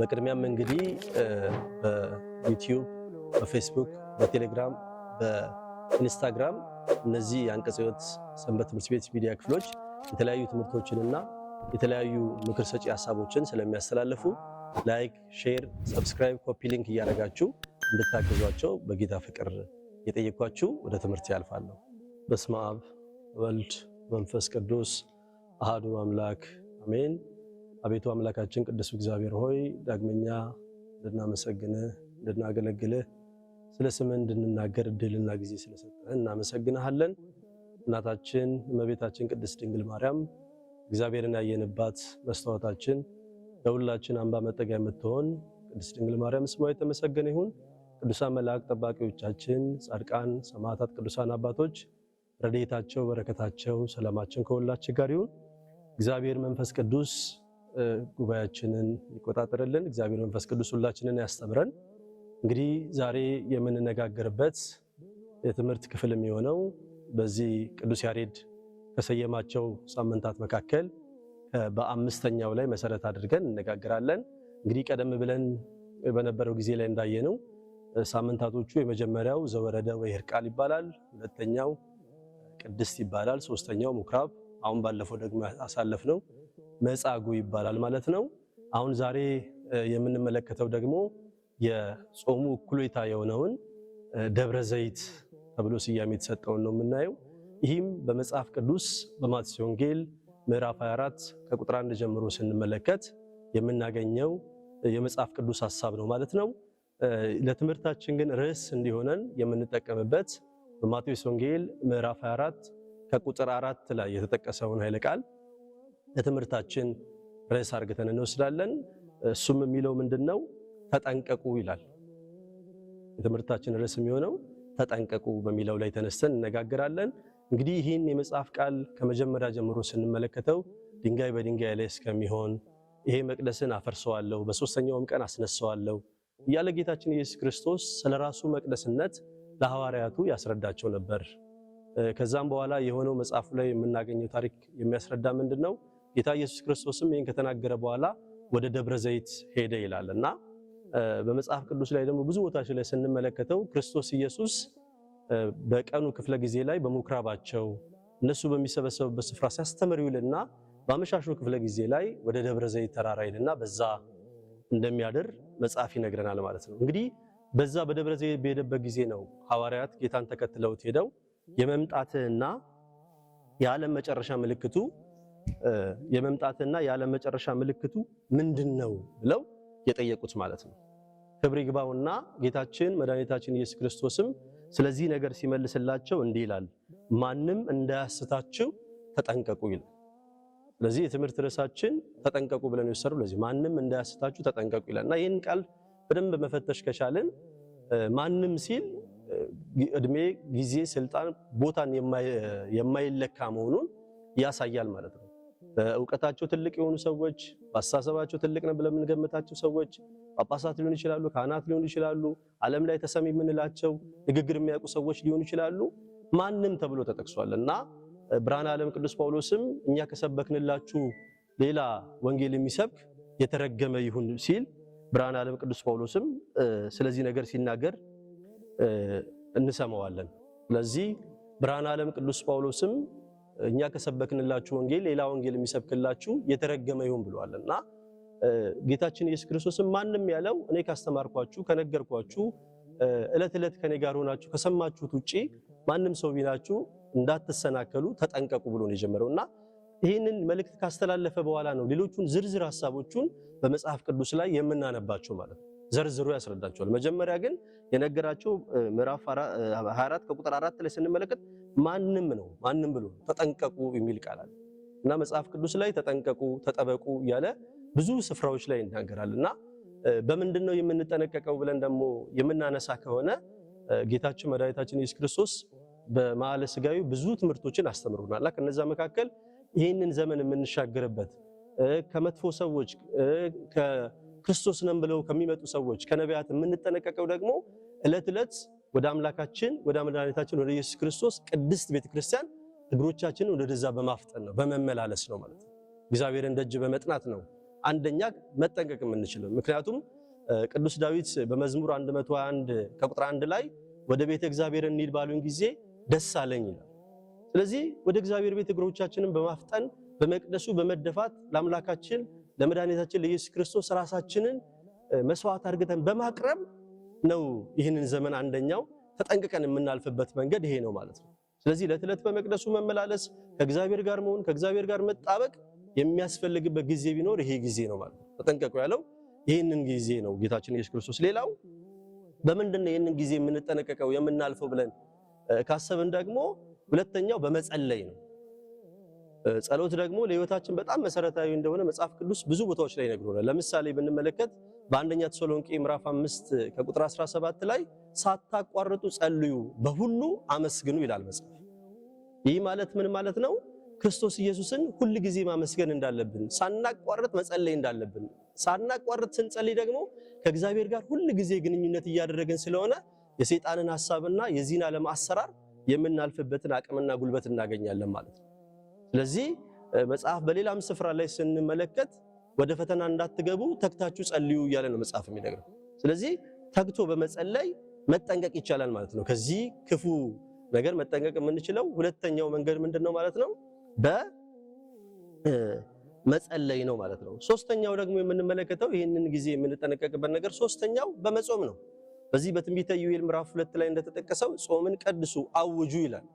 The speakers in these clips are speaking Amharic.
በቅድሚያም እንግዲህ በዩቲዩብ፣ በፌስቡክ፣ በቴሌግራም፣ በኢንስታግራም እነዚህ የአንቀጸ ሕይወት ሰንበት ትምህርት ቤት ሚዲያ ክፍሎች የተለያዩ ትምህርቶችንና የተለያዩ ምክር ሰጪ ሀሳቦችን ስለሚያስተላልፉ ላይክ፣ ሼር፣ ሰብስክራይብ፣ ኮፒ ሊንክ እያደረጋችሁ እንድታገዟቸው በጌታ ፍቅር የጠየኳችሁ ወደ ትምህርት ያልፋለሁ። በስመ አብ ወልድ መንፈስ ቅዱስ አሃዱ አምላክ አሜን። አቤቱ አምላካችን ቅዱስ እግዚአብሔር ሆይ ዳግመኛ እንድናመሰግንህ እንድናገለግልህ ስለ ስምህ እንድንናገር እድልና ጊዜ ስለሰጠህ እናመሰግንሃለን። እናታችን እመቤታችን ቅድስት ድንግል ማርያም እግዚአብሔርን ያየንባት መስታወታችን ለሁላችን አምባ መጠጊያ የምትሆን ቅድስት ድንግል ማርያም ስሟ የተመሰገነ ይሁን። ቅዱሳን መላእክት ጠባቂዎቻችን፣ ጻድቃን፣ ሰማዕታት፣ ቅዱሳን አባቶች ረድኤታቸው፣ በረከታቸው፣ ሰላማችን ከሁላችን ጋር ይሁን። እግዚአብሔር መንፈስ ቅዱስ ጉባኤያችንን ይቆጣጠርልን። እግዚአብሔር መንፈስ ቅዱስ ሁላችንን ያስተምረን። እንግዲህ ዛሬ የምንነጋገርበት የትምህርት ክፍል የሚሆነው በዚህ ቅዱስ ያሬድ ከሰየማቸው ሳምንታት መካከል በአምስተኛው ላይ መሰረት አድርገን እነጋገራለን። እንግዲህ ቀደም ብለን በነበረው ጊዜ ላይ እንዳየነው ሳምንታቶቹ የመጀመሪያው ዘወረደ ወይ ህርቃል ይባላል። ሁለተኛው ቅድስት ይባላል። ሶስተኛው ምኩራብ፣ አሁን ባለፈው ደግሞ አሳለፍ ነው መጻጉ ይባላል ማለት ነው። አሁን ዛሬ የምንመለከተው ደግሞ የጾሙ እኩሌታ የሆነውን ደብረ ዘይት ተብሎ ስያሜ የተሰጠውን ነው የምናየው። ይህም በመጽሐፍ ቅዱስ በማቴዎስ ወንጌል ምዕራፍ 24 ከቁጥር 1 ጀምሮ ስንመለከት የምናገኘው የመጽሐፍ ቅዱስ ሐሳብ ነው ማለት ነው። ለትምህርታችን ግን ርዕስ እንዲሆነን የምንጠቀምበት በማቴዎስ ወንጌል ምዕራፍ 24 ከቁጥር 4 ላይ የተጠቀሰውን ኃይለ ቃል ለትምህርታችን ርዕስ አርግተን እንወስዳለን። እሱም የሚለው ምንድነው? ተጠንቀቁ ይላል። የትምህርታችን ርዕስ የሚሆነው ተጠንቀቁ በሚለው ላይ ተነስተን እነጋገራለን። እንግዲህ ይህን የመጽሐፍ ቃል ከመጀመሪያ ጀምሮ ስንመለከተው ድንጋይ በድንጋይ ላይ እስከሚሆን ይሄ መቅደስን አፈርሰዋለሁ በሶስተኛውም ቀን አስነሳዋለሁ እያለ ጌታችን ኢየሱስ ክርስቶስ ስለ ራሱ መቅደስነት ለሐዋርያቱ ያስረዳቸው ነበር። ከዛም በኋላ የሆነው መጽሐፉ ላይ የምናገኘው ታሪክ የሚያስረዳ ምንድን ነው? ጌታ ኢየሱስ ክርስቶስም ይህን ከተናገረ በኋላ ወደ ደብረ ዘይት ሄደ ይላል እና በመጽሐፍ ቅዱስ ላይ ደግሞ ብዙ ቦታዎች ላይ ስንመለከተው ክርስቶስ ኢየሱስ በቀኑ ክፍለ ጊዜ ላይ በምኩራባቸው እነሱ በሚሰበሰቡበት ስፍራ ሲያስተምር ይውልና በአመሻሹ ክፍለ ጊዜ ላይ ወደ ደብረ ዘይት ተራራ ይልና በዛ እንደሚያድር መጽሐፍ ይነግረናል ማለት ነው። እንግዲህ በዛ በደብረ ዘይት በሄደበት ጊዜ ነው ሐዋርያት ጌታን ተከትለውት ሄደው የመምጣትህና የዓለም መጨረሻ ምልክቱ የመምጣትና የዓለም መጨረሻ ምልክቱ ምንድን ነው ብለው የጠየቁት ማለት ነው። ክብር ይግባውና ጌታችን መድኃኒታችን ኢየሱስ ክርስቶስም ስለዚህ ነገር ሲመልስላቸው እንዲህ ይላል፣ ማንም እንዳያስታችሁ ተጠንቀቁ ይላል። ስለዚህ የትምህርት ርዕሳችን ተጠንቀቁ ብለን የወሰዱ ለዚህ ማንም እንዳያስታችሁ ተጠንቀቁ ይላል እና ይህን ቃል በደንብ መፈተሽ ከቻልን ማንም ሲል እድሜ፣ ጊዜ፣ ስልጣን፣ ቦታን የማይለካ መሆኑን ያሳያል ማለት ነው። በእውቀታቸው ትልቅ የሆኑ ሰዎች፣ በአስተሳሰባቸው ትልቅ ነው ብለን የምንገምታቸው ሰዎች ጳጳሳት ሊሆኑ ይችላሉ፣ ካህናት ሊሆኑ ይችላሉ፣ ዓለም ላይ ተሰሚ የምንላቸው ንግግር የሚያውቁ ሰዎች ሊሆኑ ይችላሉ። ማንም ተብሎ ተጠቅሷል እና ብርሃን ዓለም ቅዱስ ጳውሎስም እኛ ከሰበክንላችሁ ሌላ ወንጌል የሚሰብክ የተረገመ ይሁን ሲል ብርሃን ዓለም ቅዱስ ጳውሎስም ስለዚህ ነገር ሲናገር እንሰማዋለን። ስለዚህ ብርሃን ዓለም ቅዱስ ጳውሎስም እኛ ከሰበክንላችሁ ወንጌል ሌላ ወንጌል የሚሰብክላችሁ የተረገመ ይሁን ብሏልና ጌታችን ኢየሱስ ክርስቶስም ማንም ያለው እኔ ካስተማርኳችሁ ከነገርኳችሁ እለት እለት ከኔ ጋር ሆናችሁ ከሰማችሁት ውጪ ማንም ሰው ቢናችሁ እንዳትሰናከሉ ተጠንቀቁ ብሎ ነው የጀመረውና ይህንን መልእክት ካስተላለፈ በኋላ ነው ሌሎቹን ዝርዝር ሀሳቦቹን በመጽሐፍ ቅዱስ ላይ የምናነባቸው ማለት ነው። ዘርዝሩ ያስረዳቸዋል። መጀመሪያ ግን የነገራቸው ምዕራፍ 24 ከቁጥር 4 ላይ ስንመለከት ማንም ነው ማንም ብሎ ተጠንቀቁ የሚል ቃል አለ እና መጽሐፍ ቅዱስ ላይ ተጠንቀቁ፣ ተጠበቁ ያለ ብዙ ስፍራዎች ላይ ይናገራል እና በምንድን ነው የምንጠነቀቀው ብለን ደግሞ የምናነሳ ከሆነ ጌታችን መድኃኒታችን ኢየሱስ ክርስቶስ በመዓለ ሥጋዌ ብዙ ትምህርቶችን አስተምሩናል። ከነዛ መካከል ይህንን ዘመን የምንሻገርበት ከመጥፎ ሰዎች ከክርስቶስ ነን ብለው ከሚመጡ ሰዎች ከነቢያት የምንጠነቀቀው ደግሞ ዕለት ዕለት ወደ አምላካችን ወደ መድኃኒታችን ወደ ኢየሱስ ክርስቶስ ቅድስት ቤተክርስቲያን እግሮቻችንን ወደዛ በማፍጠን ነው፣ በመመላለስ ነው ማለት ነው። እግዚአብሔርን ደጅ በመጥናት ነው አንደኛ መጠንቀቅ የምንችለው ምክንያቱም ቅዱስ ዳዊት በመዝሙር 121 ከቁጥር 1 ላይ ወደ ቤተ እግዚአብሔር እንሂድ ባሉን ጊዜ ደስ አለኝ ይላል። ስለዚህ ወደ እግዚአብሔር ቤት እግሮቻችንን በማፍጠን በመቅደሱ በመደፋት ለአምላካችን ለመድኃኒታችን ለኢየሱስ ክርስቶስ ራሳችንን መስዋዕት አድርገን በማቅረብ ነው። ይህንን ዘመን አንደኛው ተጠንቅቀን የምናልፍበት መንገድ ይሄ ነው ማለት ነው። ስለዚህ ዕለት በመቅደሱ መመላለስ፣ ከእግዚአብሔር ጋር መሆን፣ ከእግዚአብሔር ጋር መጣበቅ የሚያስፈልግበት ጊዜ ቢኖር ይሄ ጊዜ ነው ማለት ነው። ተጠንቀቁ ያለው ይህንን ጊዜ ነው ጌታችን ኢየሱስ ክርስቶስ። ሌላው በምንድን ነው ይህንን ጊዜ የምንጠነቀቀው የምናልፈው ብለን ካሰብን ደግሞ ሁለተኛው በመጸለይ ነው። ጸሎት ደግሞ ለህይወታችን በጣም መሰረታዊ እንደሆነ መጽሐፍ ቅዱስ ብዙ ቦታዎች ላይ ነግሮናል። ለምሳሌ ብንመለከት በአንደኛ ተሰሎንቄ ምዕራፍ 5 ከቁጥር 17 ላይ ሳታቋርጡ ጸልዩ፣ በሁሉ አመስግኑ ይላል መጽሐፍ። ይህ ማለት ምን ማለት ነው? ክርስቶስ ኢየሱስን ሁል ጊዜ ማመስገን እንዳለብን፣ ሳናቋርጥ መጸለይ እንዳለብን፣ ሳናቋርጥ ስንጸልይ ደግሞ ከእግዚአብሔር ጋር ሁል ጊዜ ግንኙነት እያደረግን ስለሆነ የሰይጣንን ሐሳብና የዚህን ዓለም አሰራር የምናልፍበትን አቅምና ጉልበት እናገኛለን ማለት ነው። ስለዚህ መጽሐፍ በሌላም ስፍራ ላይ ስንመለከት ወደ ፈተና እንዳትገቡ ተግታችሁ ጸልዩ እያለ ነው መጽሐፍ የሚነግረው። ስለዚህ ተግቶ በመጸለይ መጠንቀቅ ይቻላል ማለት ነው። ከዚህ ክፉ ነገር መጠንቀቅ የምንችለው ሁለተኛው መንገድ ምንድን ነው ማለት ነው? በመጸለይ ነው ማለት ነው። ሶስተኛው ደግሞ የምንመለከተው ይህንን ጊዜ የምንጠነቀቅበት ነገር ሶስተኛው በመጾም ነው። በዚህ በትንቢተ ዩኤል ምዕራፍ ሁለት ላይ እንደተጠቀሰው ጾምን ቀድሱ አውጁ ይላል።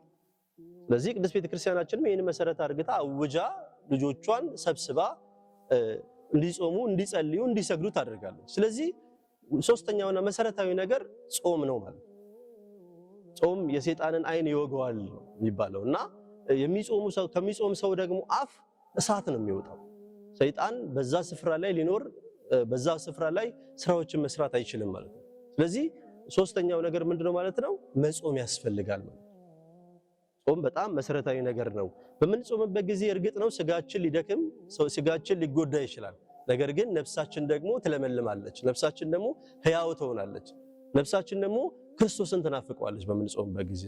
ስለዚህ ቅድስት ቤተክርስቲያናችንም ይህን መሰረት አድርግታ አውጃ ልጆቿን ሰብስባ እንዲጾሙ፣ እንዲጸልዩ፣ እንዲሰግዱ ታደርጋለች። ስለዚህ ሶስተኛውና መሰረታዊ ነገር ጾም ነው ማለት ጾም የሰይጣንን አይን ይወገዋል የሚባለው እና የሚጾሙ ሰው ከሚጾም ሰው ደግሞ አፍ እሳት ነው የሚወጣው። ሰይጣን በዛ ስፍራ ላይ ሊኖር በዛ ስፍራ ላይ ስራዎችን መስራት አይችልም ማለት ነው። ስለዚህ ሶስተኛው ነገር ምንድነው ማለት ነው? መጾም ያስፈልጋል ማለት ነው። ጾም በጣም መሰረታዊ ነገር ነው። በምንጾምበት ጊዜ እርግጥ ነው ስጋችን ሊደክም፣ ስጋችን ሊጎዳ ይችላል። ነገር ግን ነፍሳችን ደግሞ ትለመልማለች። ነፍሳችን ደግሞ ህያው ትሆናለች። ነፍሳችን ደግሞ ክርስቶስን ትናፍቀዋለች በምንጾምበት ጊዜ።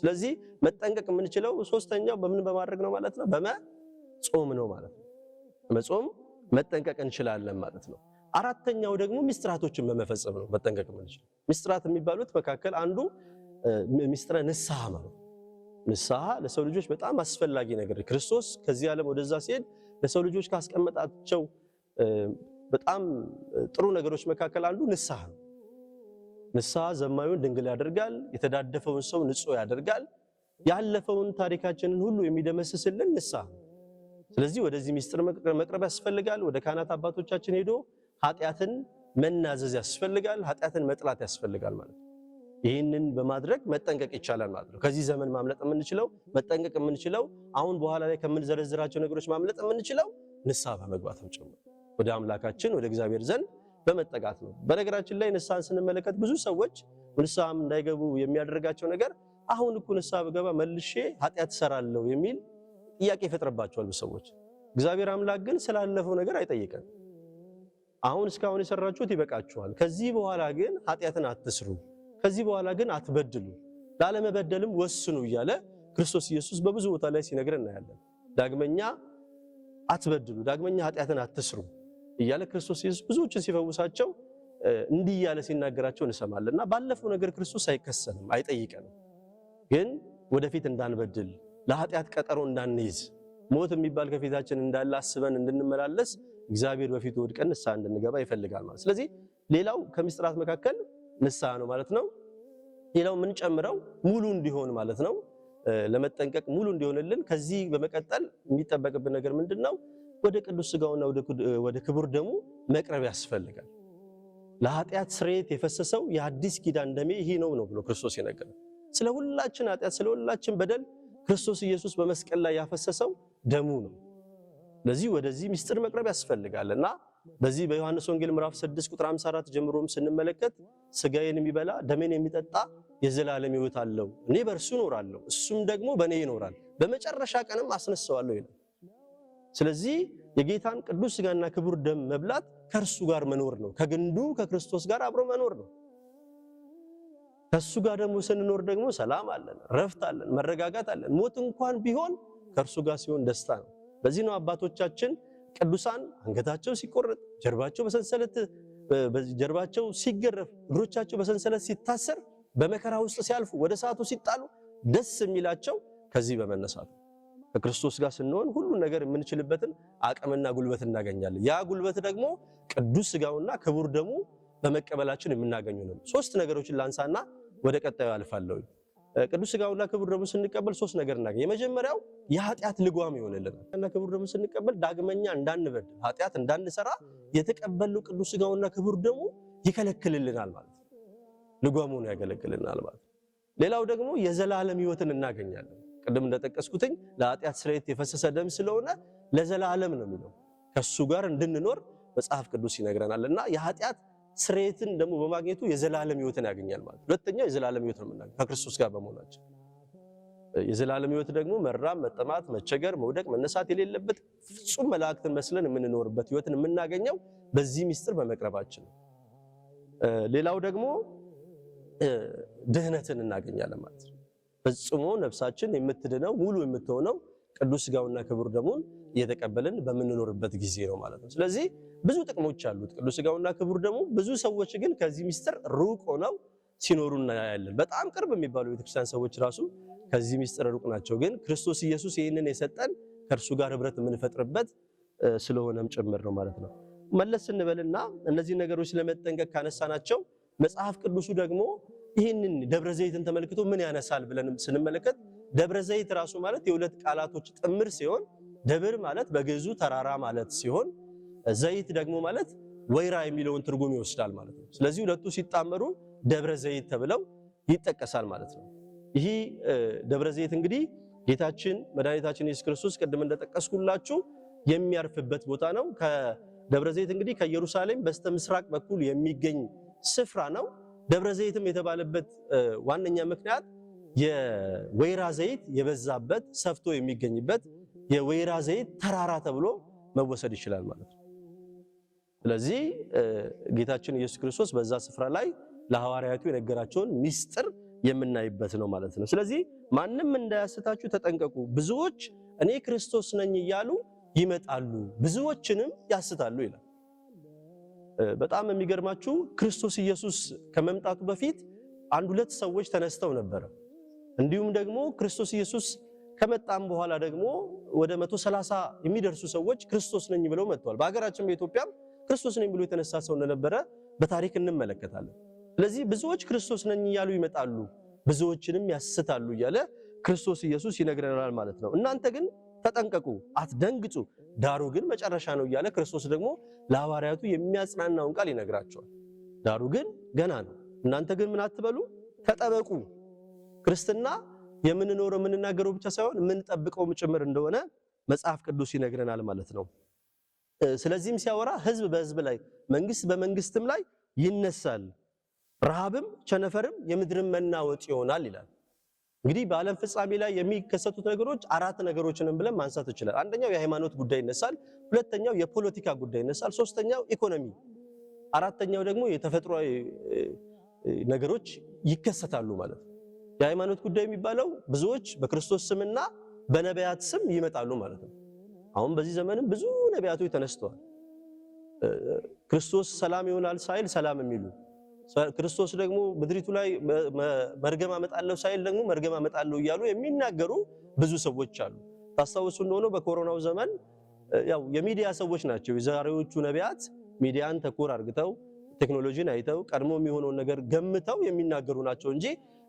ስለዚህ መጠንቀቅ የምንችለው ሶስተኛው በምን በማድረግ ነው ማለት ነው? በመጾም ነው ማለት ነው። በመጾም መጠንቀቅ እንችላለን ማለት ነው። አራተኛው ደግሞ ሚስጥራቶችን በመፈጸም ነው መጠንቀቅ የምንችለው። ሚስጥራት የሚባሉት መካከል አንዱ ሚስጥረ ንስሐ ማለት ንስሐ ለሰው ልጆች በጣም አስፈላጊ ነገር፣ ክርስቶስ ከዚህ ዓለም ወደዛ ሲሄድ ለሰው ልጆች ካስቀመጣቸው በጣም ጥሩ ነገሮች መካከል አንዱ ንስሐ ነው። ንስሐ ዘማዩን ድንግል ያደርጋል፣ የተዳደፈውን ሰው ንጹህ ያደርጋል። ያለፈውን ታሪካችንን ሁሉ የሚደመስስልን ንስሐ። ስለዚህ ወደዚህ ሚስጥር መቅረብ ያስፈልጋል። ወደ ካህናት አባቶቻችን ሄዶ ኃጢአትን መናዘዝ ያስፈልጋል። ኃጢአትን መጥላት ያስፈልጋል ማለት ነው። ይህንን በማድረግ መጠንቀቅ ይቻላል ማለት ነው። ከዚህ ዘመን ማምለጥ የምንችለው መጠንቀቅ የምንችለው አሁን በኋላ ላይ ከምንዘረዝራቸው ነገሮች ማምለጥ የምንችለው ንስሐ በመግባትም ጭምር ወደ አምላካችን ወደ እግዚአብሔር ዘንድ በመጠጋት ነው። በነገራችን ላይ ንስሐን ስንመለከት ብዙ ሰዎች ንስሐም እንዳይገቡ የሚያደርጋቸው ነገር አሁን እኮ ንስሐ ብገባ መልሼ ኃጢአት እሰራለሁ የሚል ጥያቄ ይፈጥርባቸዋል ሰዎች። እግዚአብሔር አምላክ ግን ስላለፈው ነገር አይጠይቀን። አሁን እስካሁን የሰራችሁት ይበቃችኋል። ከዚህ በኋላ ግን ኃጢአትን አትስሩ፣ ከዚህ በኋላ ግን አትበድሉ፣ ላለመበደልም ወስኑ እያለ ክርስቶስ ኢየሱስ በብዙ ቦታ ላይ ሲነግረን እናያለን። ዳግመኛ አትበድሉ፣ ዳግመኛ ኃጢአትን አትስሩ እያለ ክርስቶስ ኢየሱስ ብዙዎችን ሲፈውሳቸው እንዲህ እያለ ሲናገራቸው እንሰማለን። እና ባለፈው ነገር ክርስቶስ አይከሰንም፣ አይጠይቀንም። ግን ወደፊት እንዳንበድል፣ ለኃጢአት ቀጠሮ እንዳንይዝ፣ ሞት የሚባል ከፊታችን እንዳለ አስበን እንድንመላለስ እግዚአብሔር በፊቱ ወድቀን ንስሐ እንድንገባ ይፈልጋል ማለት። ስለዚህ ሌላው ከምስጥራት መካከል ንስሐ ነው ማለት ነው። ሌላው የምንጨምረው ሙሉ እንዲሆን ማለት ነው ለመጠንቀቅ ሙሉ እንዲሆንልን ከዚህ በመቀጠል የሚጠበቅብን ነገር ምንድን ነው? ወደ ቅዱስ ስጋውና ወደ ክቡር ደሙ መቅረብ ያስፈልጋል። ለኃጢአት ስርየት የፈሰሰው የአዲስ ኪዳን ደሜ ይሄ ነው ነው ብሎ ክርስቶስ የነገረው። ስለ ሁላችን ኃጢአት፣ ስለ ሁላችን በደል ክርስቶስ ኢየሱስ በመስቀል ላይ ያፈሰሰው ደሙ ነው። ለዚህ ወደዚህ ምስጢር መቅረብ እና በዚህ በዮሐንስ ወንጌል ምዕራፍ 6 ቁጥር 54 ጀምሮም ስንመለከት ስጋዬን የሚበላ ደሜን የሚጠጣ የዘላለም ሕይወት አለው፣ እኔ በእርሱ እኖራለሁ፣ እሱም ደግሞ በእኔ ይኖራል፣ በመጨረሻ ቀንም አስነሳዋለሁ ይላል። ስለዚህ የጌታን ቅዱስ ስጋና ክቡር ደም መብላት ከእርሱ ጋር መኖር ነው። ከግንዱ ከክርስቶስ ጋር አብሮ መኖር ነው። ከእሱ ጋር ደግሞ ስንኖር ደግሞ ሰላም አለን፣ ረፍት አለን፣ መረጋጋት አለን። ሞት እንኳን ቢሆን ከእርሱ ጋር ሲሆን ደስታ ነው። በዚህ ነው አባቶቻችን ቅዱሳን አንገታቸው ሲቆረጥ፣ ጀርባቸው በሰንሰለት ጀርባቸው ሲገረፍ፣ እግሮቻቸው በሰንሰለት ሲታሰር፣ በመከራ ውስጥ ሲያልፉ፣ ወደ ሰዓቱ ሲጣሉ ደስ የሚላቸው ከዚህ በመነሳት ከክርስቶስ ጋር ስንሆን ሁሉን ነገር የምንችልበትን አቅምና ጉልበት እናገኛለን። ያ ጉልበት ደግሞ ቅዱስ ስጋውና ክቡር ደሙ በመቀበላችን የምናገኙ ነው። ሶስት ነገሮችን ላንሳና ወደ ቀጣዩ አልፋለሁ። ቅዱስ ስጋውና ክቡር ደሙ ስንቀበል ሶስት ነገር እናገኝ። የመጀመሪያው የኃጢአት ልጓም ይሆንልናል እና ክቡር ደሙ ስንቀበል ዳግመኛ እንዳንበድ ኃጢአት እንዳንሰራ የተቀበልነው ቅዱስ ስጋውና ክቡር ደሙ ይከለክልልናል ማለት ልጓሙን ያገለግልናል ማለት። ሌላው ደግሞ የዘላለም ህይወትን እናገኛለን። ቅድም እንደጠቀስኩትኝ ለኃጢአት ስርየት የፈሰሰ ደም ስለሆነ ለዘላለም ነው የሚለው ከሱ ጋር እንድንኖር መጽሐፍ ቅዱስ ይነግረናል። እና የኃጢአት ስርየትን ደግሞ በማግኘቱ የዘላለም ህይወትን ያገኛል ማለት ሁለተኛው የዘላለም ህይወት ነው የምናገኘው ከክርስቶስ ጋር በመሆናችን። የዘላለም ህይወት ደግሞ መራም መጠማት፣ መቸገር፣ መውደቅ፣ መነሳት የሌለበት ፍጹም መላእክትን መስለን የምንኖርበት ሕይወትን የምናገኘው በዚህ ምስጢር በመቅረባችን ነው። ሌላው ደግሞ ድህነትን እናገኛለን ማለት ነው። ፈጽሞ ነፍሳችን የምትድነው ሙሉ የምትሆነው ቅዱስ ስጋውና ክቡር ደሙን እየተቀበልን በምንኖርበት ጊዜ ነው ማለት ነው። ስለዚህ ብዙ ጥቅሞች አሉት ቅዱስ ስጋውና ክቡር ደሙ። ብዙ ሰዎች ግን ከዚህ ሚስጥር ሩቅ ሆነው ሲኖሩ እናያለን። በጣም ቅርብ የሚባሉ ቤተክርስቲያን ሰዎች ራሱ ከዚህ ሚስጥር ሩቅ ናቸው። ግን ክርስቶስ ኢየሱስ ይህንን የሰጠን ከእርሱ ጋር ህብረት የምንፈጥርበት ስለሆነም ጭምር ነው ማለት ነው። መለስ ስንበልና እነዚህ ነገሮች ለመጠንቀቅ ካነሳናቸው መጽሐፍ ቅዱሱ ደግሞ ይህንን ደብረ ዘይትን ተመልክቶ ምን ያነሳል ብለን ስንመለከት ደብረ ዘይት ራሱ ማለት የሁለት ቃላቶች ጥምር ሲሆን ደብር ማለት በግዕዙ ተራራ ማለት ሲሆን ዘይት ደግሞ ማለት ወይራ የሚለውን ትርጉም ይወስዳል ማለት ነው። ስለዚህ ሁለቱ ሲጣመሩ ደብረ ዘይት ተብለው ይጠቀሳል ማለት ነው። ይህ ደብረ ዘይት እንግዲህ ጌታችን መድኃኒታችን ኢየሱስ ክርስቶስ ቅድም እንደጠቀስኩላችሁ የሚያርፍበት ቦታ ነው። ከደብረ ዘይት እንግዲህ ከኢየሩሳሌም በስተ ምስራቅ በኩል የሚገኝ ስፍራ ነው። ደብረ ዘይትም የተባለበት ዋነኛ ምክንያት የወይራ ዘይት የበዛበት ሰፍቶ የሚገኝበት የወይራ ዘይት ተራራ ተብሎ መወሰድ ይችላል ማለት ነው። ስለዚህ ጌታችን ኢየሱስ ክርስቶስ በዛ ስፍራ ላይ ለሐዋርያቱ የነገራቸውን ሚስጥር የምናይበት ነው ማለት ነው። ስለዚህ ማንም እንዳያስታችሁ ተጠንቀቁ። ብዙዎች እኔ ክርስቶስ ነኝ እያሉ ይመጣሉ፣ ብዙዎችንም ያስታሉ ይላል። በጣም የሚገርማችሁ ክርስቶስ ኢየሱስ ከመምጣቱ በፊት አንድ ሁለት ሰዎች ተነስተው ነበረ። እንዲሁም ደግሞ ክርስቶስ ኢየሱስ ከመጣም በኋላ ደግሞ ወደ 130 የሚደርሱ ሰዎች ክርስቶስ ነኝ ብለው መጥተዋል። በሀገራችን በኢትዮጵያም ክርስቶስ ነኝ ብሎ የተነሳ ሰው እንደነበረ በታሪክ እንመለከታለን። ስለዚህ ብዙዎች ክርስቶስ ነኝ እያሉ ይመጣሉ፣ ብዙዎችንም ያስታሉ እያለ ክርስቶስ ኢየሱስ ይነግረናል ማለት ነው። እናንተ ግን ተጠንቀቁ፣ አትደንግጡ፣ ዳሩ ግን መጨረሻ ነው እያለ ክርስቶስ ደግሞ ለሐዋርያቱ የሚያጽናናውን ቃል ይነግራቸዋል። ዳሩ ግን ገና ነው፣ እናንተ ግን ምን አትበሉ፣ ተጠበቁ። ክርስትና የምንኖረው የምንናገረው ብቻ ሳይሆን የምንጠብቀውም ጭምር እንደሆነ መጽሐፍ ቅዱስ ይነግረናል ማለት ነው። ስለዚህም ሲያወራ ህዝብ በህዝብ ላይ መንግስት በመንግስትም ላይ ይነሳል፣ ረሃብም ቸነፈርም የምድርን መናወጥ ይሆናል ይላል። እንግዲህ በዓለም ፍጻሜ ላይ የሚከሰቱት ነገሮች አራት ነገሮችንም ብለን ማንሳት ይችላል። አንደኛው የሃይማኖት ጉዳይ ይነሳል። ሁለተኛው የፖለቲካ ጉዳይ ይነሳል። ሶስተኛው ኢኮኖሚ፣ አራተኛው ደግሞ የተፈጥሯዊ ነገሮች ይከሰታሉ ማለት ነው። የሃይማኖት ጉዳይ የሚባለው ብዙዎች በክርስቶስ ስምና በነቢያት ስም ይመጣሉ ማለት ነው። አሁን በዚህ ዘመንም ብዙ ነቢያቶች ተነስተዋል። ክርስቶስ ሰላም ይሆናል ሳይል ሰላም የሚሉ ክርስቶስ ደግሞ ምድሪቱ ላይ መርገም አመጣለሁ ሳይል ደግሞ መርገም አመጣለሁ እያሉ የሚናገሩ ብዙ ሰዎች አሉ። ታስታውሱ እንደሆነ በኮሮናው ዘመን ያው የሚዲያ ሰዎች ናቸው የዛሬዎቹ ነቢያት። ሚዲያን ተኮር አርግተው ቴክኖሎጂን አይተው ቀድሞ የሚሆነውን ነገር ገምተው የሚናገሩ ናቸው እንጂ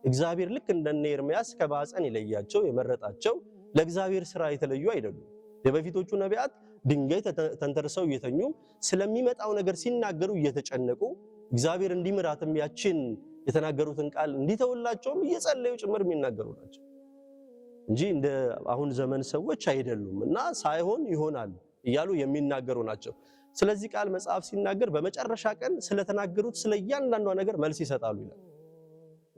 እግዚአብሔር ልክ እንደነ ኤርሚያስ ከባፀን የለያቸው የመረጣቸው ለእግዚአብሔር ስራ የተለዩ አይደሉም። የበፊቶቹ ነቢያት ድንጋይ ተንተርሰው እየተኙ ስለሚመጣው ነገር ሲናገሩ እየተጨነቁ እግዚአብሔር እንዲምራትም ያችን የተናገሩትን ቃል እንዲተውላቸውም እየጸለዩ ጭምር የሚናገሩ ናቸው እንጂ እንደ አሁን ዘመን ሰዎች አይደሉም። እና ሳይሆን ይሆናል እያሉ የሚናገሩ ናቸው። ስለዚህ ቃል መጽሐፍ ሲናገር በመጨረሻ ቀን ስለተናገሩት ስለ እያንዳንዷ ነገር መልስ ይሰጣሉ ይላል።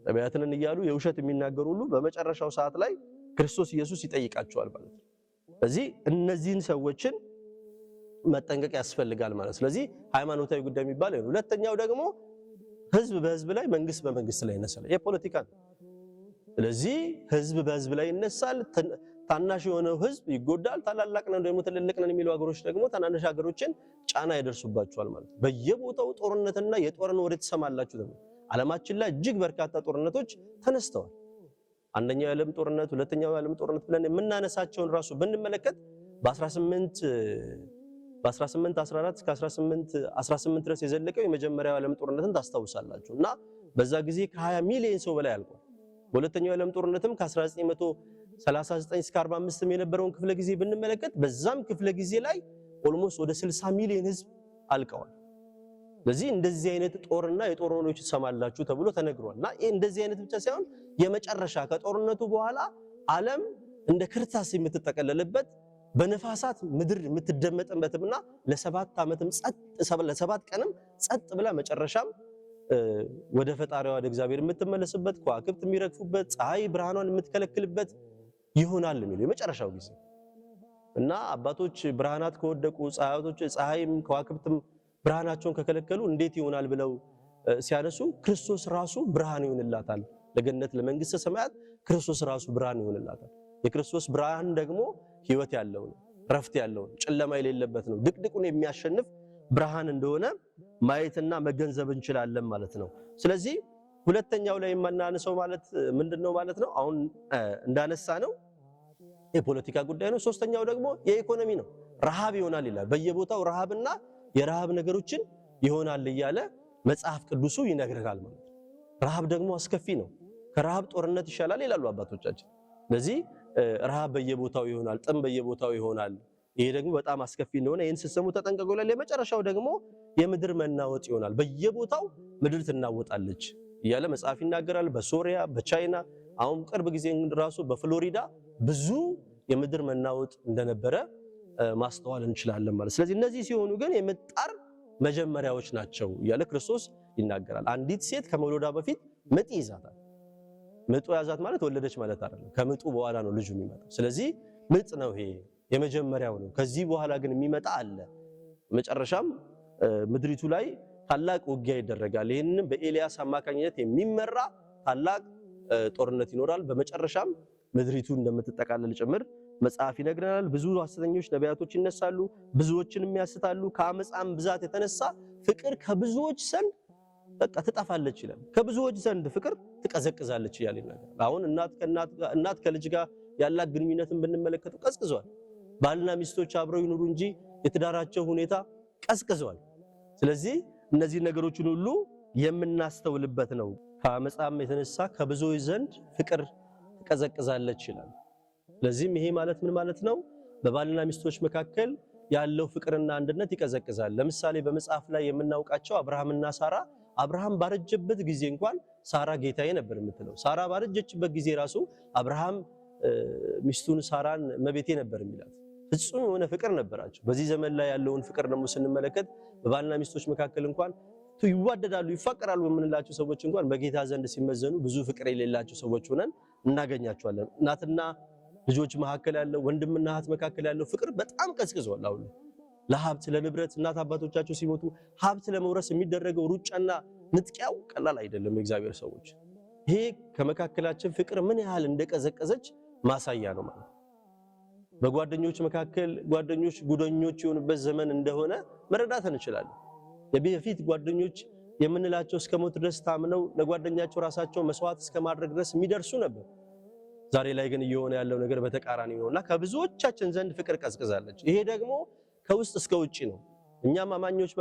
ነቢያትን እያሉ የውሸት የሚናገሩ ሁሉ በመጨረሻው ሰዓት ላይ ክርስቶስ ኢየሱስ ይጠይቃቸዋል ማለት ነው። ስለዚህ እነዚህን ሰዎችን መጠንቀቅ ያስፈልጋል ማለት። ስለዚህ ሃይማኖታዊ ጉዳይ የሚባል ሁለተኛው ደግሞ ህዝብ በህዝብ ላይ መንግስት በመንግስት ላይ ይነሳል። የፖለቲካ ስለዚህ ህዝብ በህዝብ ላይ ይነሳል። ታናሽ የሆነው ህዝብ ይጎዳል። ታላላቅ ነን ደግሞ ትልልቅ ነን የሚሉ ሀገሮች ደግሞ ታናናሽ ሀገሮችን ጫና ይደርሱባቸዋል ማለት ነው። በየቦታው ጦርነትና የጦርን ወሬ ትሰማላችሁ። ደግሞ አለማችን ላይ እጅግ በርካታ ጦርነቶች ተነስተዋል። አንደኛው የዓለም ጦርነት፣ ሁለተኛው የዓለም ጦርነት ብለን የምናነሳቸውን ራሱ ብንመለከት በ18 በ1814 እስከ 1818 ድረስ የዘለቀው የመጀመሪያው ዓለም ጦርነትን ታስታውሳላችሁ እና በዛ ጊዜ ከ20 ሚሊዮን ሰው በላይ አልቋል። በሁለተኛው ዓለም ጦርነትም ከ1939 እስከ 45 የነበረውን ክፍለ ጊዜ ብንመለከት በዛም ክፍለ ጊዜ ላይ ኦልሞስት ወደ 60 ሚሊዮን ህዝብ አልቀዋል። ስለዚህ እንደዚህ አይነት ጦርና የጦር ወሬዎች ትሰማላችሁ ተብሎ ተነግሯል። እና እንደዚህ አይነት ብቻ ሳይሆን የመጨረሻ ከጦርነቱ በኋላ ዓለም እንደ ክርታስ የምትጠቀለልበት በነፋሳት ምድር የምትደመጥበትምና ለሰባት ዓመትም ለሰባት ቀንም ጸጥ ብላ መጨረሻም ወደ ፈጣሪዋ ወደ እግዚአብሔር የምትመለስበት ከዋክብት የሚረግፉበት ፀሐይ ብርሃኗን የምትከለክልበት ይሆናል የሚሉ የመጨረሻው ጊዜ እና አባቶች ብርሃናት ከወደቁ ፀሐይም ከዋክብትም ብርሃናቸውን ከከለከሉ እንዴት ይሆናል ብለው ሲያነሱ ክርስቶስ ራሱ ብርሃን ይሆንላታል። ለገነት ለመንግስተ ሰማያት ክርስቶስ ራሱ ብርሃን ይሆንላታል። የክርስቶስ ብርሃን ደግሞ ህይወት ያለው ነው፣ ረፍት ያለው ነው፣ ጨለማ የሌለበት ነው። ድቅድቁን የሚያሸንፍ ብርሃን እንደሆነ ማየትና መገንዘብ እንችላለን ማለት ነው። ስለዚህ ሁለተኛው ላይ የማናነሰው ማለት ምንድነው ማለት ነው? አሁን እንዳነሳ ነው የፖለቲካ ጉዳይ ነው። ሶስተኛው ደግሞ የኢኮኖሚ ነው። ረሃብ ይሆናል ይላል። በየቦታው ረሃብና የረሃብ ነገሮችን ይሆናል እያለ መጽሐፍ ቅዱሱ ይነግረናል ማለት ነው። ረሃብ ደግሞ አስከፊ ነው። ከረሃብ ጦርነት ይሻላል ይላሉ አባቶቻችን። ስለዚህ ረሃብ በየቦታው ይሆናል፣ ጥም በየቦታው ይሆናል። ይሄ ደግሞ በጣም አስከፊ እንደሆነ ይህን ስትሰሙ ተጠንቀቁ ይላል። የመጨረሻው ደግሞ የምድር መናወጥ ይሆናል። በየቦታው ምድር ትናወጣለች እያለ መጽሐፍ ይናገራል። በሶሪያ በቻይና አሁን ቅርብ ጊዜ ራሱ በፍሎሪዳ ብዙ የምድር መናወጥ እንደነበረ ማስተዋል እንችላለን ማለት። ስለዚህ እነዚህ ሲሆኑ ግን የምጣር መጀመሪያዎች ናቸው እያለ ክርስቶስ ይናገራል። አንዲት ሴት ከመውለዷ በፊት ምጥ ይዛታል። ምጡ ያዛት ማለት ወለደች ማለት አይደለም። ከምጡ በኋላ ነው ልጁ የሚመጣው። ስለዚህ ምጥ ነው ይሄ የመጀመሪያው ነው። ከዚህ በኋላ ግን የሚመጣ አለ። መጨረሻም ምድሪቱ ላይ ታላቅ ውጊያ ይደረጋል። ይህንንም በኤልያስ አማካኝነት የሚመራ ታላቅ ጦርነት ይኖራል። በመጨረሻም ምድሪቱ እንደምትጠቃለል ጭምር መጽሐፍ ይነግረናል። ብዙ ሐሰተኞች ነቢያቶች ይነሳሉ፣ ብዙዎችንም ያስታሉ። ከአመፃም ብዛት የተነሳ ፍቅር ከብዙዎች ዘንድ በቃ ትጠፋለች ይላል። ከብዙዎች ዘንድ ፍቅር ትቀዘቅዛለች እያለ ይናገራል። አሁን እናት ከልጅ ጋር ያላት ግንኙነትን ብንመለከተው ቀዝቅዟል። ባልና ሚስቶች አብረው ይኑሩ እንጂ የትዳራቸው ሁኔታ ቀዝቅዟል። ስለዚህ እነዚህ ነገሮችን ሁሉ የምናስተውልበት ነው። ከአመፃም የተነሳ ከብዙዎች ዘንድ ፍቅር ትቀዘቅዛለች ይላል። ስለዚህም ይሄ ማለት ምን ማለት ነው? በባልና ሚስቶች መካከል ያለው ፍቅርና አንድነት ይቀዘቅዛል። ለምሳሌ በመጽሐፍ ላይ የምናውቃቸው አብርሃምና ሳራ አብርሃም ባረጀበት ጊዜ እንኳን ሳራ ጌታዬ ነበር የምትለው። ሳራ ባረጀችበት ጊዜ ራሱ አብርሃም ሚስቱን ሳራን መቤቴ ነበር የሚላት። ፍጹም የሆነ ፍቅር ነበራቸው። በዚህ ዘመን ላይ ያለውን ፍቅር ደግሞ ስንመለከት በባልና ሚስቶች መካከል እንኳን ይዋደዳሉ ይፋቀራሉ የምንላቸው ሰዎች እንኳን በጌታ ዘንድ ሲመዘኑ ብዙ ፍቅር የሌላቸው ሰዎች ሆነን እናገኛቸዋለን። እናትና ልጆች መካከል ያለው ወንድምና እህት መካከል ያለው ፍቅር በጣም ቀዝቅዟል አሁን ለሀብት ለንብረት እናት አባቶቻቸው ሲሞቱ ሀብት ለመውረስ የሚደረገው ሩጫና ንጥቂያው ቀላል አይደለም። የእግዚአብሔር ሰዎች ይሄ ከመካከላችን ፍቅር ምን ያህል እንደቀዘቀዘች ማሳያ ነው ማለት በጓደኞች መካከል ጓደኞች ጉደኞች የሆኑበት ዘመን እንደሆነ መረዳት እንችላለን። የበፊት ጓደኞች የምንላቸው እስከ ሞት ድረስ ታምነው ለጓደኛቸው ራሳቸው መስዋዕት እስከ ማድረግ ድረስ የሚደርሱ ነበር። ዛሬ ላይ ግን እየሆነ ያለው ነገር በተቃራኒ ነውና ከብዙዎቻችን ዘንድ ፍቅር ቀዝቅዛለች። ይሄ ደግሞ ከውስጥ እስከ ውጭ ነው። እኛም አማኞች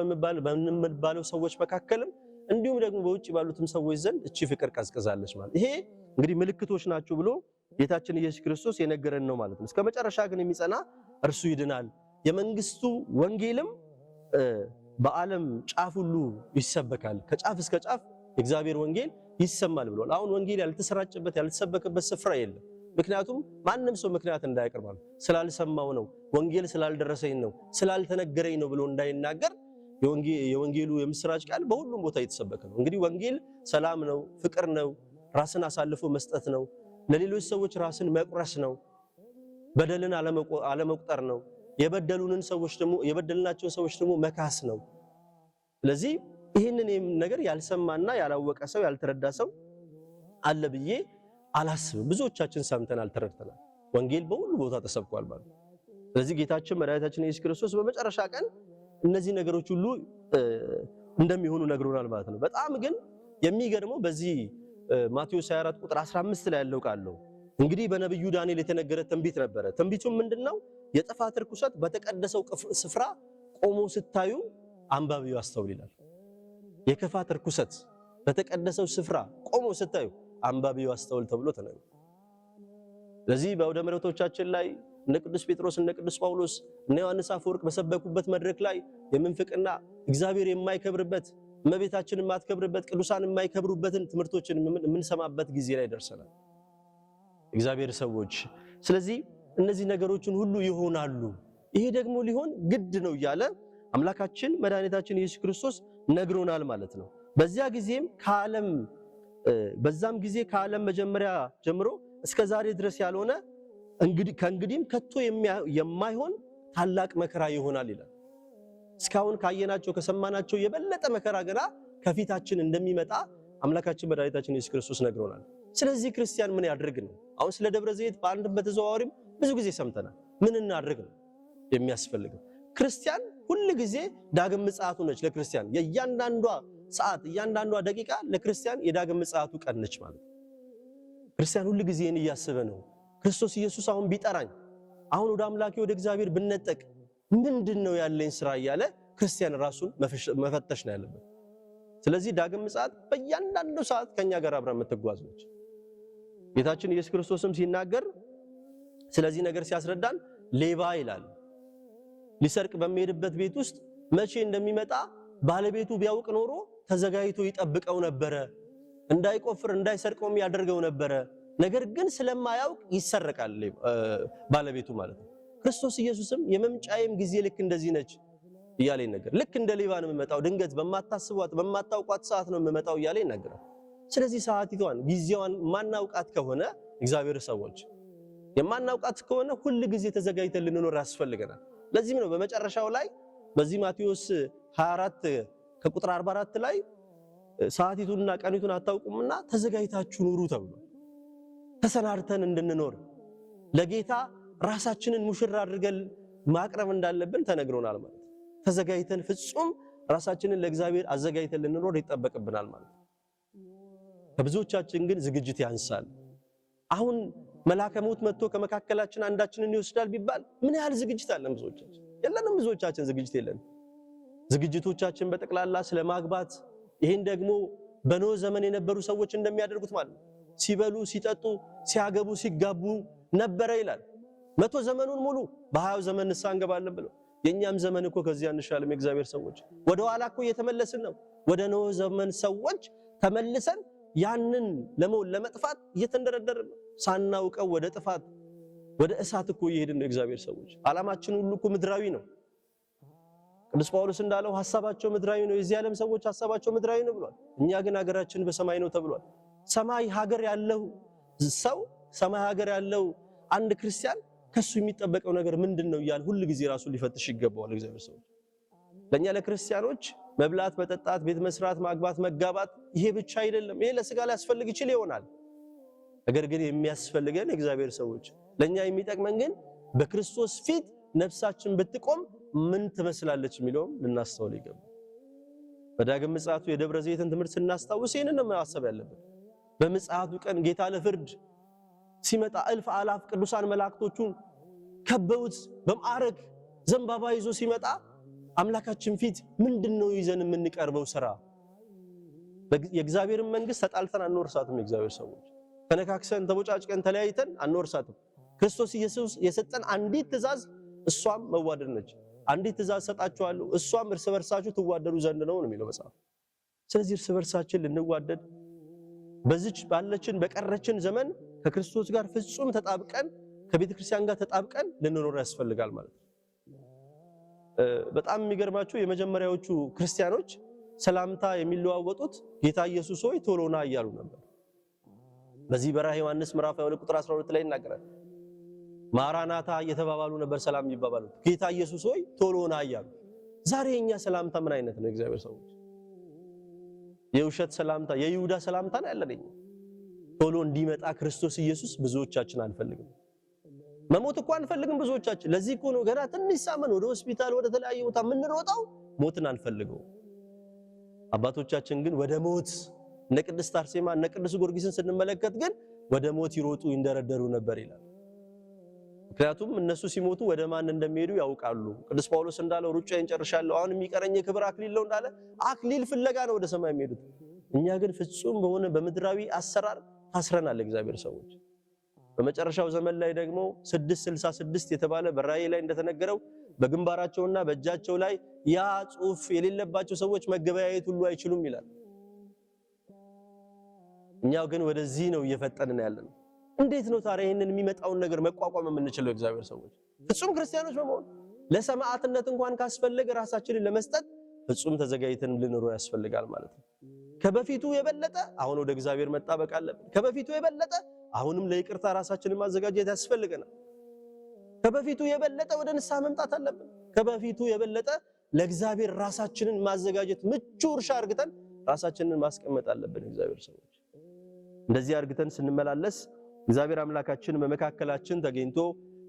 በምንባለው ሰዎች መካከልም እንዲሁም ደግሞ በውጭ ባሉትም ሰዎች ዘንድ እቺ ፍቅር ቀዝቅዛለች ማለት ይሄ እንግዲህ ምልክቶች ናቸው ብሎ ጌታችን ኢየሱስ ክርስቶስ የነገረን ነው ማለት ነው። እስከ መጨረሻ ግን የሚጸና እርሱ ይድናል። የመንግስቱ ወንጌልም በዓለም ጫፍ ሁሉ ይሰበካል፣ ከጫፍ እስከ ጫፍ እግዚአብሔር ወንጌል ይሰማል ብሏል። አሁን ወንጌል ያልተሰራጨበት ያልተሰበከበት ስፍራ የለም። ምክንያቱም ማንም ሰው ምክንያት እንዳያቀር ስላልሰማው ነው፣ ወንጌል ስላልደረሰኝ ነው፣ ስላልተነገረኝ ነው ብሎ እንዳይናገር የወንጌሉ የምስራች ቃል በሁሉም ቦታ እየተሰበከ ነው። እንግዲህ ወንጌል ሰላም ነው፣ ፍቅር ነው፣ ራስን አሳልፎ መስጠት ነው፣ ለሌሎች ሰዎች ራስን መቁረስ ነው፣ በደልን አለመቁጠር ነው፣ የበደሉንን ሰዎች ደግሞ የበደልናቸውን ሰዎች ደግሞ መካስ ነው። ስለዚህ ይህንን ነገር ያልሰማና ያላወቀ ሰው ያልተረዳ ሰው አለ ብዬ አላስብም። ብዙዎቻችን ሰምተናል፣ ተረድተናል። ወንጌል በሁሉ ቦታ ተሰብኳል ማለት ስለዚህ ጌታችን መድኃኒታችን ኢየሱስ ክርስቶስ በመጨረሻ ቀን እነዚህ ነገሮች ሁሉ እንደሚሆኑ ነግሮናል ማለት ነው። በጣም ግን የሚገርመው በዚህ ማቴዎስ 24 ቁጥር 15 ላይ ያለው ቃል ነው። እንግዲህ በነብዩ ዳንኤል የተነገረ ትንቢት ነበረ። ትንቢቱም ምንድነው? የጥፋት ርኩሰት በተቀደሰው ስፍራ ቆሞ ስታዩ አንባቢው አስተውል ይላል። የክፋት ርኩሰት በተቀደሰው ስፍራ ቆሞ ስታዩ አንባቢው አስተውል ተብሎ ተነገረ። ስለዚህ በአውደ ምሕረቶቻችን ላይ እነ ቅዱስ ጴጥሮስ እነ ቅዱስ ጳውሎስ እነ ዮሐንስ አፈወርቅ በሰበኩበት መድረክ ላይ የምንፍቅና እግዚአብሔር የማይከብርበት እመቤታችን የማትከብርበት ቅዱሳን የማይከብሩበትን ትምህርቶችን የምንሰማበት ጊዜ ላይ ደርሰናል። እግዚአብሔር ሰዎች ስለዚህ እነዚህ ነገሮችን ሁሉ ይሆናሉ፣ ይሄ ደግሞ ሊሆን ግድ ነው እያለ አምላካችን መድኃኒታችን ኢየሱስ ክርስቶስ ነግሮናል ማለት ነው። በዚያ ጊዜም ከዓለም በዛም ጊዜ ከዓለም መጀመሪያ ጀምሮ እስከ ዛሬ ድረስ ያልሆነ እንግዲህ ከእንግዲህም ከቶ የማይሆን ታላቅ መከራ ይሆናል ይላል። እስካሁን ካየናቸው ከሰማናቸው የበለጠ መከራ ገና ከፊታችን እንደሚመጣ አምላካችን መድኃኒታችን ኢየሱስ ክርስቶስ ነግሮናል። ስለዚህ ክርስቲያን ምን ያድርግ ነው? አሁን ስለ ደብረ ዘይት በአንድም በተዘዋዋሪም ብዙ ጊዜ ሰምተናል። ምን እናድርግ ነው የሚያስፈልገው? ክርስቲያን ሁል ጊዜ ዳግም ምጽአቱ ነች። ለክርስቲያን የእያንዳንዷ ሰዓት እያንዳንዷ ደቂቃ ለክርስቲያን የዳግም ምጽአቱ ቀን ነች ማለት ክርስቲያን ሁል ጊዜ ይህን እያሰበ ነው። ክርስቶስ ኢየሱስ አሁን ቢጠራኝ፣ አሁን ወደ አምላኬ ወደ እግዚአብሔር ብነጠቅ ምንድን ነው ያለኝ ስራ እያለ ክርስቲያን ራሱን መፈተሽ ነው ያለበት። ስለዚህ ዳግም ምጽአት በእያንዳንዱ ሰዓት ከኛ ጋር አብራ የምትጓዝ ነች። ጌታችን ኢየሱስ ክርስቶስም ሲናገር ስለዚህ ነገር ሲያስረዳን ሌባ ይላል ሊሰርቅ በሚሄድበት ቤት ውስጥ መቼ እንደሚመጣ ባለቤቱ ቢያውቅ ኖሮ ተዘጋጅቶ ይጠብቀው ነበረ። እንዳይቆፍር እንዳይሰርቀውም ያደርገው ነበረ። ነገር ግን ስለማያውቅ ይሰረቃል ባለቤቱ ማለት ነው። ክርስቶስ ኢየሱስም የመምጫዬም ጊዜ ልክ እንደዚህ ነች እያለ ነገር ልክ እንደ ሌባ ነው የምመጣው፣ ድንገት በማታስቧት በማታውቋት ሰዓት ነው የምመጣው እያለ ይናገራል። ስለዚህ ሰዓቲቷን ጊዜዋን ማናውቃት ከሆነ እግዚአብሔር ሰዎች የማናውቃት ከሆነ ሁል ጊዜ ተዘጋጅተን ልንኖር ያስፈልገናል። ለዚህም ነው በመጨረሻው ላይ በዚህ ማቴዎስ 24 ከቁጥር 44 ላይ ሰዓቲቱንና ቀኒቱን አታውቁምና ተዘጋጅታችሁ ኑሩ ተብሏል። ተሰናድተን እንድንኖር ለጌታ ራሳችንን ሙሽራ አድርገን ማቅረብ እንዳለብን ተነግሮናል ማለት ተዘጋጅተን ፍጹም ራሳችንን ለእግዚአብሔር አዘጋጅተን ልንኖር ይጠበቅብናል ማለት ከብዙዎቻችን ግን ዝግጅት ያንሳል። አሁን መልአከ ሞት መጥቶ ከመካከላችን አንዳችንን ይወስዳል ቢባል ምን ያህል ዝግጅት አለን? ብዙዎቻችን የለንም። ብዙዎቻችን ዝግጅት የለንም። ዝግጅቶቻችን በጠቅላላ ስለማግባት ይህን ደግሞ በኖ ዘመን የነበሩ ሰዎች እንደሚያደርጉት ማለት ሲበሉ፣ ሲጠጡ፣ ሲያገቡ፣ ሲጋቡ ነበረ ይላል። መቶ ዘመኑን ሙሉ በሀያው ዘመን ንስሐ እንገባለን ብለው የእኛም ዘመን እኮ ከዚህ አንሻልም። የእግዚአብሔር ሰዎች ወደ ኋላ እኮ እየተመለስን ነው። ወደ ኖ ዘመን ሰዎች ተመልሰን ያንን ለመሆን ለመጥፋት እየተንደረደርን ሳናውቀው ወደ ጥፋት ወደ እሳት እኮ እየሄድን ነው። የእግዚአብሔር ሰዎች አላማችን ሁሉ እኮ ምድራዊ ነው። ቅዱስ ጳውሎስ እንዳለው ሐሳባቸው ምድራዊ ነው፣ የዚህ ዓለም ሰዎች ሐሳባቸው ምድራዊ ነው ብሏል። እኛ ግን ሀገራችን በሰማይ ነው ተብሏል። ሰማይ ሀገር ያለው ሰው ሰማይ ሀገር ያለው አንድ ክርስቲያን ከሱ የሚጠበቀው ነገር ምንድን ነው እያለ ሁል ጊዜ ራሱ ሊፈትሽ ይገባዋል። እግዚአብሔር ሰው ለእኛ ለክርስቲያኖች መብላት፣ መጠጣት፣ ቤት መስራት፣ ማግባት፣ መጋባት ይሄ ብቻ አይደለም። ይሄ ለስጋ ሊያስፈልግ ይችል ይሆናል። ነገር ግን የሚያስፈልገን እግዚአብሔር ሰዎች ለእኛ የሚጠቅመን ግን በክርስቶስ ፊት ነፍሳችን ብትቆም ምን ትመስላለች የሚለውም ልናስተውል ይገባል። በዳግም ምጽአቱ የደብረ ዘይትን ትምህርት ስናስታውስ ይህንን ነው ማሰብ ያለብን። በምጽአቱ ቀን ጌታ ለፍርድ ሲመጣ እልፍ አላፍ ቅዱሳን መላእክቶቹን ከበውት በማዕረግ ዘንባባ ይዞ ሲመጣ አምላካችን ፊት ምንድነው ይዘን የምንቀርበው ስራ? የእግዚአብሔርን መንግስት ተጣልተን አንወርሳትም። የእግዚአብሔር ሰዎች ተነካክሰን ተቦጫጭቀን ተለያይተን አንወርሳትም። ክርስቶስ ኢየሱስ የሰጠን አንዲት ትእዛዝ እሷም መዋደድ ነች። አንዲት ትእዛዝ ሰጣችኋለሁ፣ እሷም እርስ በርሳችሁ ትዋደዱ ዘንድ ነው የሚለው መጽሐፍ። ስለዚህ እርስ በርሳችን ልንዋደድ በዚች ባለችን በቀረችን ዘመን ከክርስቶስ ጋር ፍጹም ተጣብቀን ከቤተ ክርስቲያን ጋር ተጣብቀን ልንኖር ያስፈልጋል ማለት ነው። በጣም የሚገርማችሁ የመጀመሪያዎቹ ክርስቲያኖች ሰላምታ የሚለዋወጡት ጌታ ኢየሱስ ሆይ ቶሎና እያሉ ነበር። በዚህ በራዕየ ዮሐንስ ምዕራፍ 22 ቁጥር 12 ላይ ይናገራል። ማራናታ እየተባባሉ ነበር ሰላም ይባባሉ። ጌታ ኢየሱስ ሆይ ቶሎ ና እያሉ። ዛሬ የኛ ሰላምታ ምን አይነት ነው? እግዚአብሔር ሰዎች የውሸት ሰላምታ የይሁዳ ሰላምታ ነው ያለን። ቶሎ እንዲመጣ ክርስቶስ ኢየሱስ ብዙዎቻችን አንፈልግም። መሞት እኮ አንፈልግም ብዙዎቻችን። ለዚህ እኮ ነው ገና ትንሽ ሳመን ወደ ሆስፒታል ወደ ተለያየ ቦታ የምንሮጠው። ሞትን አንፈልገው። አባቶቻችን ግን ወደ ሞት እነ ቅድስት አርሴማ እነ ቅዱስ ጊዮርጊስን ስንመለከት ግን ወደ ሞት ይሮጡ ይንደረደሩ ነበር ይላል። ምክንያቱም እነሱ ሲሞቱ ወደ ማን እንደሚሄዱ ያውቃሉ። ቅዱስ ጳውሎስ እንዳለው ሩጫ እንጨርሻለሁ፣ አሁን የሚቀረኝ የክብር አክሊል ነው እንዳለ አክሊል ፍለጋ ነው ወደ ሰማይ የሚሄዱት። እኛ ግን ፍጹም በሆነ በምድራዊ አሰራር ታስረናል። እግዚአብሔር ሰዎች በመጨረሻው ዘመን ላይ ደግሞ 666 የተባለ በራእይ ላይ እንደተነገረው በግንባራቸውና በእጃቸው ላይ ያ ጽሑፍ የሌለባቸው ሰዎች መገበያየት ሁሉ አይችሉም ይላል። እኛ ግን ወደዚህ ነው እየፈጠንን ያለነው። እንዴት ነው ታዲያ ይህንን የሚመጣውን ነገር መቋቋም የምንችለው? እግዚአብሔር ሰዎች ፍጹም ክርስቲያኖች በመሆን ለሰማዕትነት እንኳን ካስፈለገ ራሳችንን ለመስጠት ፍጹም ተዘጋጅተን ልንኖር ያስፈልጋል ማለት ነው። ከበፊቱ የበለጠ አሁን ወደ እግዚአብሔር መጣበቅ አለብን። ከበፊቱ የበለጠ አሁንም ለይቅርታ ራሳችንን ማዘጋጀት ያስፈልገናል። ከበፊቱ የበለጠ ወደ ንስሐ መምጣት አለብን። ከበፊቱ የበለጠ ለእግዚአብሔር ራሳችንን ማዘጋጀት ምቹ እርሻ አርግተን ራሳችንን ማስቀመጥ አለብን። እግዚአብሔር ሰዎች እንደዚህ አርግተን ስንመላለስ እግዚአብሔር አምላካችን በመካከላችን ተገኝቶ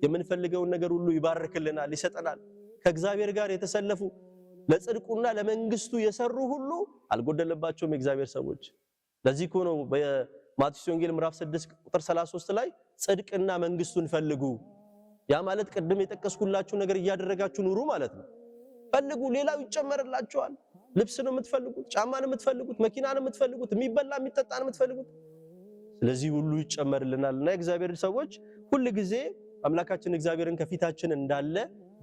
የምንፈልገውን ነገር ሁሉ ይባርክልናል፣ ይሰጠናል። ከእግዚአብሔር ጋር የተሰለፉ ለጽድቁና ለመንግስቱ የሰሩ ሁሉ አልጎደለባቸውም የእግዚአብሔር ሰዎች። ለዚህ እኮ ነው በማቴዎስ ወንጌል ምዕራፍ 6 ቁጥር 33 ላይ ጽድቅና መንግስቱን ፈልጉ። ያ ማለት ቅድም የጠቀስኩላችሁ ነገር እያደረጋችሁ ኑሩ ማለት ነው። ፈልጉ፣ ሌላው ይጨመርላችኋል። ልብስ ነው የምትፈልጉት፣ ጫማ ነው የምትፈልጉት፣ መኪና ነው የምትፈልጉት፣ የሚበላ የሚጠጣ ነው የምትፈልጉት ስለዚህ ሁሉ ይጨመርልናል እና የእግዚአብሔር ሰዎች ሁል ጊዜ አምላካችን እግዚአብሔርን ከፊታችን እንዳለ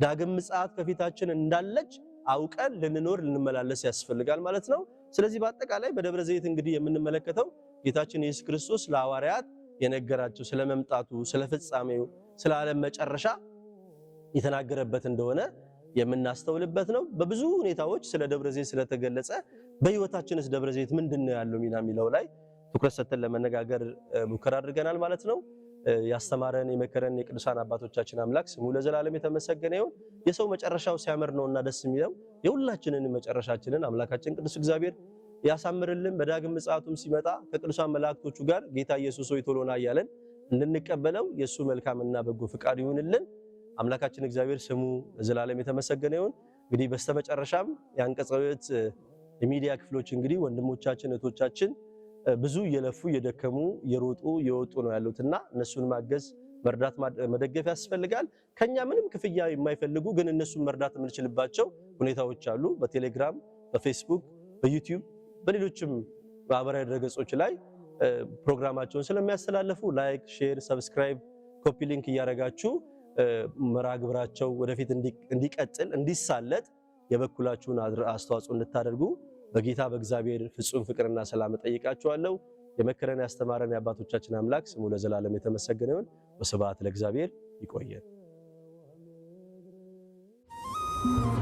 ዳግም ምጽአት ከፊታችን እንዳለች አውቀን ልንኖር ልንመላለስ ያስፈልጋል ማለት ነው። ስለዚህ በአጠቃላይ በደብረ ዘይት እንግዲህ የምንመለከተው ጌታችን ኢየሱስ ክርስቶስ ለሐዋርያት የነገራቸው ስለ መምጣቱ፣ ስለ ፍጻሜው፣ ስለ ዓለም መጨረሻ የተናገረበት እንደሆነ የምናስተውልበት ነው። በብዙ ሁኔታዎች ስለ ደብረ ዘይት ስለተገለጸ በሕይወታችንስ ደብረ ዘይት ምንድን ነው ያለው ሚና የሚለው ላይ ትኩረት ሰጥተን ለመነጋገር ሙከራ አድርገናል ማለት ነው። ያስተማረን የመከረን የቅዱሳን አባቶቻችን አምላክ ስሙ ለዘላለም የተመሰገነ ይሁን። የሰው መጨረሻው ሲያምር ነው እና ደስ የሚለው የሁላችንን መጨረሻችንን አምላካችን ቅዱስ እግዚአብሔር ያሳምርልን። በዳግም ምጽአቱም ሲመጣ ከቅዱሳን መላእክቶቹ ጋር ጌታ ኢየሱስ ሆይ ቶሎና እያለን እንድንቀበለው የእሱ መልካምና በጎ ፍቃድ ይሁንልን። አምላካችን እግዚአብሔር ስሙ ለዘላለም የተመሰገነ ይሁን። እንግዲህ በስተመጨረሻም የአንቀጸ ሕይወት የሚዲያ ክፍሎች እንግዲህ ወንድሞቻችን እህቶቻችን ብዙ እየለፉ እየደከሙ የሮጡ የወጡ ነው ያሉት እና እነሱን ማገዝ መርዳት መደገፍ ያስፈልጋል። ከኛ ምንም ክፍያ የማይፈልጉ ግን እነሱን መርዳት የምንችልባቸው ሁኔታዎች አሉ። በቴሌግራም፣ በፌስቡክ፣ በዩቲዩብ በሌሎችም ማህበራዊ ድረገጾች ላይ ፕሮግራማቸውን ስለሚያስተላልፉ ላይክ፣ ሼር፣ ሰብስክራይብ፣ ኮፒ ሊንክ እያደረጋችሁ መራግብራቸው ወደፊት እንዲቀጥል እንዲሳለጥ የበኩላችሁን አስተዋጽኦ እንድታደርጉ በጌታ በእግዚአብሔር ፍጹም ፍቅርና ሰላም እጠይቃችኋለሁ። የመከረን ያስተማረን የአባቶቻችን አምላክ ስሙ ለዘላለም የተመሰገነ ይሁን። ወስብሐት ለእግዚአብሔር። ይቆየን።